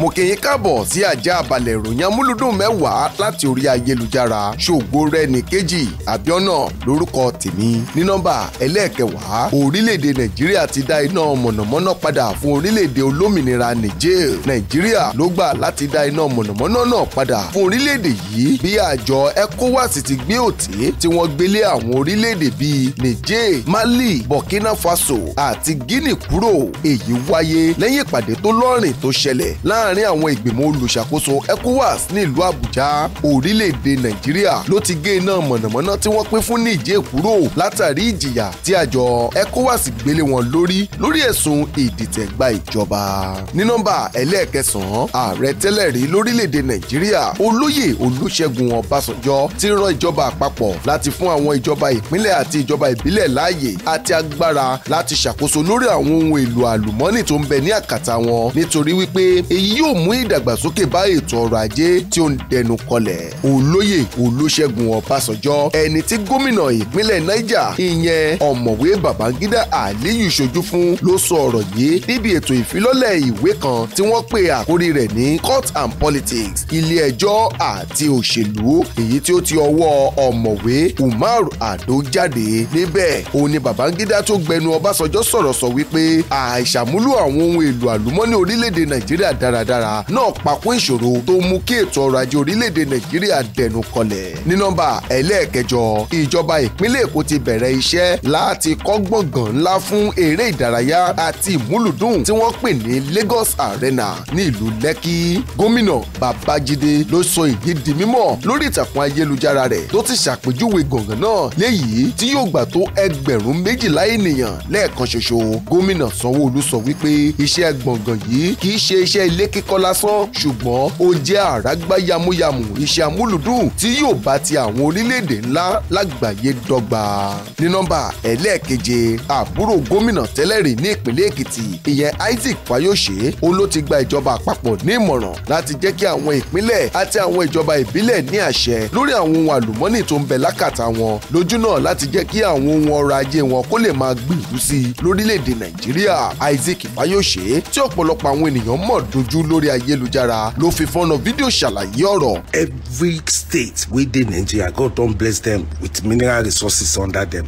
mo kì í káàbọ̀ sí àjà àbàlẹ̀ ìròyìn amúlùdùn mẹ́wàá láti orí ayélujára ṣògo rẹ nìkejì àbíọ́nà lórúkọ tèmi ní nọ́mbà ẹlẹ́ẹ̀kẹwàá orílẹ̀-èdè nàìjíríà ti dá iná mọ̀nàmọ́ná padà fún orílẹ̀-èdè olómìnira niger nàìjíríà ló gbà láti dá iná mọ̀nàmọ́ná náà padà fún orílẹ̀-èdè yìí bí àjọ ecowas ti gbé òté tí wọ́n gbélé àwọn orílẹ̀-èdè bíi niger mali burkina faso àti guinea kúrò èyí wáyé lẹ́yìn ìpàdé tó lọ́rìn tó ṣẹlẹ̀ láà láàrin àwọn ìgbìmọ̀ olùṣàkóso ECOWAS ní ìlú Àbújá orílẹ̀-èdè Nàìjíríà ló ti gé iná mọ̀nàmọ́ná tí wọ́n pín fún Níjẹ̀ kúrò látàrí ìjìyà tí àjọ ECOWAS gbélé wọn lórí lórí ẹ̀sùn ìdìtẹ̀gbà ìjọba ní nọ́mbà ẹlẹ́ẹ̀kẹsàn-án ààrẹ tẹ́lẹ̀ rí lórílẹ̀-èdè Nàìjíríà olóyè Olúṣẹ́gun Ọbásanjọ́ ti rán ìjọba àpapọ̀ láti fún àwọn ìjọba ìpínlẹ̀ àti ìjọba ìbílẹ̀ láàyè àti agbára láti ṣàkóso lórí àwọn ohun èlò àlùmọ́nì tó ń bẹ ní àkàtà wọn nítorí wípé èyí yóò mú ìdàgbàsókè bá ètò ọrọ̀ ajé tí ó ń dẹnu kọlẹ̀ olóyè olúṣẹ́gun ọbásanjọ́ ẹni tí gómìnà ìpínlẹ̀ niger ìyẹn ọ̀mọ̀wé babangida aliyu ṣojú fún ló sọ ọ̀rọ̀ yìí níbi ètò ìfilọ́lẹ̀ ìwé kan tí wọ́n pe àkórí rẹ̀ ní court and politics ilé ẹjọ́ àti òṣèlú èyí tí ó ti ọwọ́ ọ̀mọ̀wé umar ado jáde níbẹ̀ òun babangida tó gbẹnu ọbásanjọ́ sọ̀rọ̀ sọ wípé àìṣàmúlò àwọn ohun èlò àlùmọ́nì orílẹ̀-èdè nàìjíríà dára dáradára náà papọ̀ ìṣòro tó mú kí ètò ọrọ̀ ajé orílẹ̀-èdè nàìjíríà dẹnu kọlẹ̀ ní nọ́mbà ẹlẹ́ẹ̀kẹjọ ìjọba ìpínlẹ̀ èkó ti bẹ̀rẹ̀ iṣẹ́ láti kọ́ gbọ̀ngàn ńlá fún eré ìdárayá àti ìmúlùdùn tí wọ́n pè ní Lagos Arena ní ìlú lẹ́kì gómìnà babájídé ló sọ ìdí di mímọ̀ lórí ìtàkùn ayélujára rẹ̀ tó ti ṣàpèjúwe gbọ̀ngàn náà léyìí tí yóò gbà tó ẹgbẹ̀rún méjìlá ènìyàn lẹ́ẹ̀kan ṣoṣo gómìnà sanwó-olu kíkọ́ lásán ṣùgbọ́n ó jẹ́ àrágbá iṣẹ́ amúlùdùn tí yóò bá ti àwọn orílẹ̀-èdè ńlá lágbàáyé dọ́gba. ní nọ́mbà ẹlẹ́ẹ̀keje àbúrò gómìnà tẹ́lẹ̀rí ní ìpínlẹ̀ Èkìtì ìyẹn Isaac Fayose ó ló ti gba ìjọba àpapọ̀ ní ìmọ̀ràn láti jẹ́ kí àwọn ìpínlẹ̀ àti àwọn ìjọba ìbílẹ̀ ní àṣẹ lórí àwọn ohun àlùmọ́nì tó ń bẹ lákàtà wọn lójú náà láti jẹ́ kí àwọn ohun ọrọ̀ ajé wọn kó lè máa gbìyànjú sí lórílẹ̀‐èdè Nàìjíríà Isaac Fayose tí ọ̀pọ̀lọpọ̀ àwọn ènìyàn mọ̀ dojú lórí ayélujára ló fi fọ́nà fídíò ṣàlàyé ọ̀rọ̀. every state wey dey nigeria god don bless them with mineral resources under them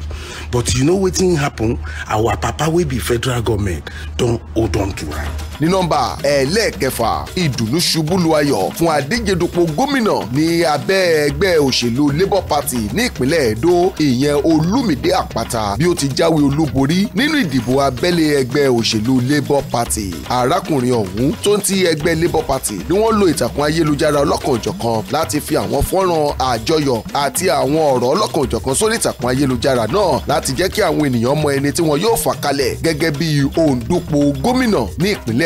but you know wetin happen our papa wey be federal government don hold on to am ní nọ́mbà ẹlẹ́ẹ̀kẹfà ìdùnnú ṣubú lu ayọ̀ fún adíjedupò gómìnà ní abẹ́ ẹgbẹ́ òṣèlú labour party ní ìpínlẹ̀ Edo ìyẹn Olúmídé Àpáta bí ó ti jáwé olúborí nínú ìdìbò abẹ́lé ẹgbẹ́ òṣèlú labour party arákùnrin ọ̀hún tó ń ti ẹgbẹ́ labour party ni wọ́n lo ìtàkùn ayélujára ọlọ́kanòjọ̀kan láti fi àwọn fọ́nrán àjọyọ̀ àti àwọn ọ̀rọ̀ ọlọ́kanòjọ̀kan sórí ìtàkùn ayélujára náà láti jẹ́ kí àwọn ènìyàn mọ ẹni tí wọn yóò fà kalẹ̀ gẹ́gẹ́ bí òǹdùpọ̀ gómìnà ní ìpínlẹ̀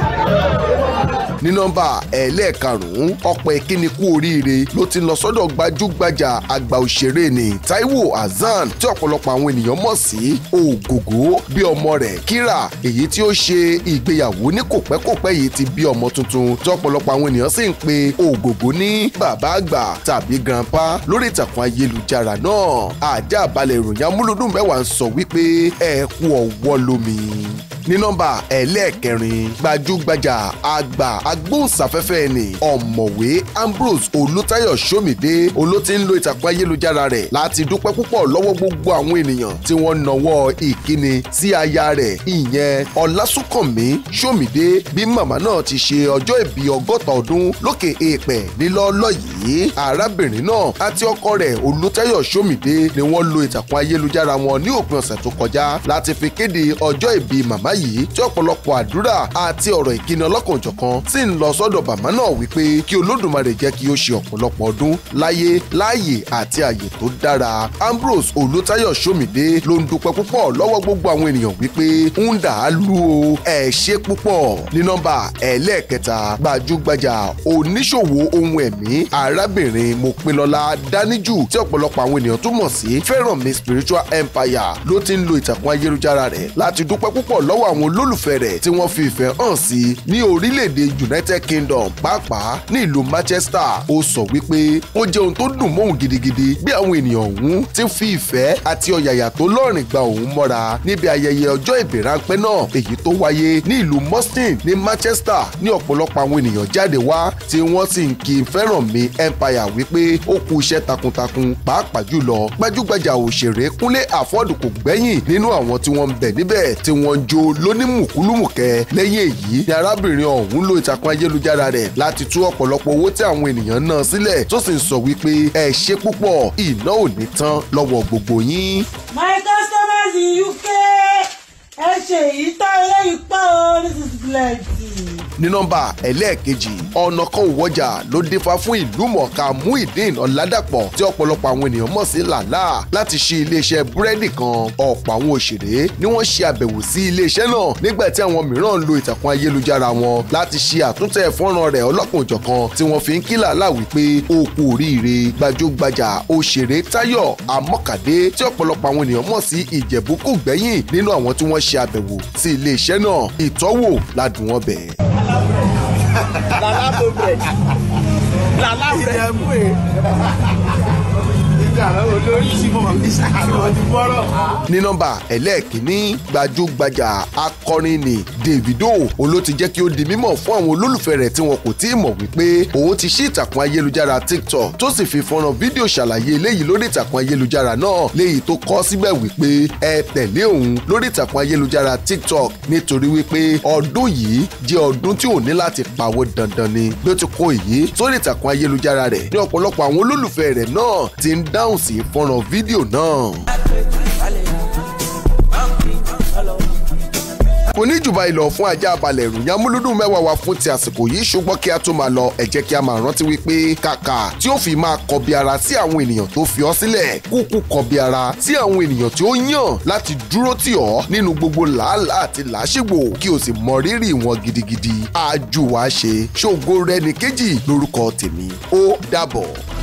ní nọ́mbà ẹlẹ́ẹ̀karùn-ún ọ̀pọ̀ ìkíni kú oríire ló ti lọ sọ́dọ̀ gbajúgbajà àgbà òṣèré ni Taiwo Hassan tí ọ̀pọ̀lọpọ̀ àwọn ènìyàn mọ̀ sí ògògó bí ọmọ rẹ̀ Kira èyí tí ó ṣe ìgbéyàwó ní kòpẹ́kòpẹ́ yìí ti bí ọmọ tuntun tí ọ̀pọ̀lọpọ̀ àwọn ènìyàn sì ń pe ògògó ní bàbá àgbà tàbí grandpa lórí ìtàkùn ayélujára náà àjàbalẹ̀ ìròyìn amúlùdùn mẹ́wàá ń sọ wípé ẹ kú lómi ní nọ́mbà ẹlẹ́ẹ̀kẹrin gbajúgbajà àgbà agbóhùnsáfẹ́fẹ́ ni ọ̀mọ̀wé Ambrose Olútáyọ̀ Ṣómìdé olóti ń lo ìtàkùn ayélujára rẹ̀ láti dúpẹ́ púpọ̀ lọ́wọ́ gbogbo àwọn ènìyàn tí wọ́n nawọ́ ìkíni sí aya rẹ̀ ìyẹn Ọlásùnkànmí Ṣómìdé bí màmá náà ti ṣe ọjọ́ ìbí ọgọ́ta ọdún lókè èèpẹ̀ nílọ́ọ́lọ́ yìí arábìnrin náà àti ọkọ rẹ̀ Olútáyọ̀ Ṣómìdé ni wọ́n lo ìtàkùn ayélujára wọn ní òpin ọ̀sẹ̀ tó kọjá láti fi kéde ọjọ́ ìbí màmá báyìí tí ọ̀pọ̀lọpọ̀ àdúrà àti ọ̀rọ̀ ìkíni ọlọ́kanòjọ̀kan sì ń lọ sọ́dọ̀ bàmá náà wípé kí olódùmarè jẹ́ kí ó ṣe ọ̀pọ̀lọpọ̀ ọdún láyé láàyè àti àyè tó dára Ambrose Olútáyọ̀ Ṣómìdé ló ń dúpẹ́ púpọ̀ lọ́wọ́ gbogbo àwọn ènìyàn wípé ń dà á lú o ẹ̀ ṣe púpọ̀ ní nọ́mbà ẹlẹ́ẹ̀kẹta gbajúgbajà oníṣòwò ohun ẹ̀mí arábìnrin Mopinlọ́lá Dáníjù tí ọ̀pọ̀lọpọ̀ àwọn ènìyàn tún mọ̀ sí Fẹ́rànmi spiritual empire ló ti ń lo ìtàkùn ayélujára rẹ̀ láti dúpẹ́ púpọ̀ lọ́wọ́ lọ́wọ́ àwọn olólùfẹ́ rẹ̀ tí wọ́n fi ìfẹ́ hàn sí ní orílẹ̀-èdè United Kingdom pàápàá ní ìlú Manchester ó sọ wípé ó jẹ́ ohun tó dùn mọ́hùn gidigidi bí àwọn ènìyàn ọ̀hún ti fi ìfẹ́ àti ọ̀yàyà tó lọ́rìn gba òun mọ́ra níbi ayẹyẹ ọjọ́ ìbí ráńpẹ́ náà èyí tó wáyé ní ìlú Mustin ní Manchester ní ọ̀pọ̀lọpọ̀ àwọn ènìyàn jáde wá tí wọ́n sì ń kí Fẹ́rànmi Empire wípé ó kú iṣẹ́ takuntakun pàápàá jùlọ gbajúgbajà òṣèré Kúnlé Àfọ́dù kò gbẹ́yìn nínú àwọn tí wọ́n ń bẹ níbẹ̀ tí wọ́n ń jó lónímùkúlùmùkẹ́ lẹ́yìn èyí ni arábìnrin ọ̀hún lo ìtàkùn ayélujára rẹ̀ láti tú ọ̀pọ̀lọpọ̀ owó tí àwọn ènìyàn ná sílẹ̀ tó sì ń sọ wípé ẹ ṣe púpọ̀ iná ò ní tán lọ́wọ́ gbogbo yín. my customers in UK ẹ ṣe èyí tá ilé ìpá o this is plenty ní nọ́mbà ẹlẹ́ẹ̀kejì ọ̀nà kan òwọ́jà ló dífá fún ìlú mọ̀ọ́ká Muideen Ọ̀làdàpọ̀ tí ọ̀pọ̀lọpọ̀ àwọn ènìyàn mọ̀ sí làlá láti ṣí iléeṣẹ́ búrẹ́dì kan ọ̀pọ̀ àwọn òṣèré ni wọ́n ṣe àbẹ̀wò sí iléeṣẹ́ náà nígbà tí àwọn mìíràn lo ìtàkùn ayélujára wọn láti ṣe àtúntẹ̀ fọ́nrán rẹ̀ ọlọ́kùnjọ̀kan tí wọ́n fi ń kí làlá wípé ó kú oríire gbajúgbajà òṣèré Táyọ̀ Amọ́kàdé tí ọ̀pọ̀lọpọ̀ àwọn ènìyàn mọ̀ sí Ìjẹ̀bú kò gbẹ́yìn nínú àwọn tí wọ́n ṣe àbẹ̀wò sí iléeṣẹ́ náà ìtọ́wò ládùn ọbẹ̀ bread. Lala bread ní nọ́mbà ẹlẹ́ẹ̀kínní gbajúgbajà akọrin ni Davido òun ló ti jẹ́ kí ó di mímọ̀ fún àwọn olólùfẹ́ rẹ̀ tí wọn kò tí ì mọ̀ wípé òun ti ṣí ìtàkùn ayélujára TikTok tó sì fi fọ́nrán fídíò ṣàlàyé eléyìí lórí ìtàkùn ayélujára náà léyìí tó kọ síbẹ̀ wípé ẹ tẹ̀lé òun lórí ìtàkùn ayélujára TikTok nítorí wípé ọdún yìí jẹ́ ọdún tí ò ní láti pawó dandan ni bí ó ti kọ èyí sórí ìtàkùn ayélujára rẹ̀ ní ọ̀pọ̀lọpọ̀ àwọn dáhùn sí fọ́nrán fídíò náà. kò ní jùbà ìlọ fún ajá balẹ̀ ìròyìn amúlúdùn mẹ́wàá wa fún ti àsìkò yìí ṣùgbọ́n kí a tó máa lọ ẹ jẹ́ kí a máa rántí wípé kàkà tí ó fi máa kọbi ara sí àwọn ènìyàn tó fi ọ́ sílẹ̀ kúkú kọbi ara sí àwọn ènìyàn tí ó yàn láti dúró tì ọ́ nínú gbogbo làálàá àti làásìgbò kí o sì mọ rírì wọn gidigidi àjùwà ṣe ṣògo rẹ nìkejì lórúkọ tèmi ó dàbọ̀.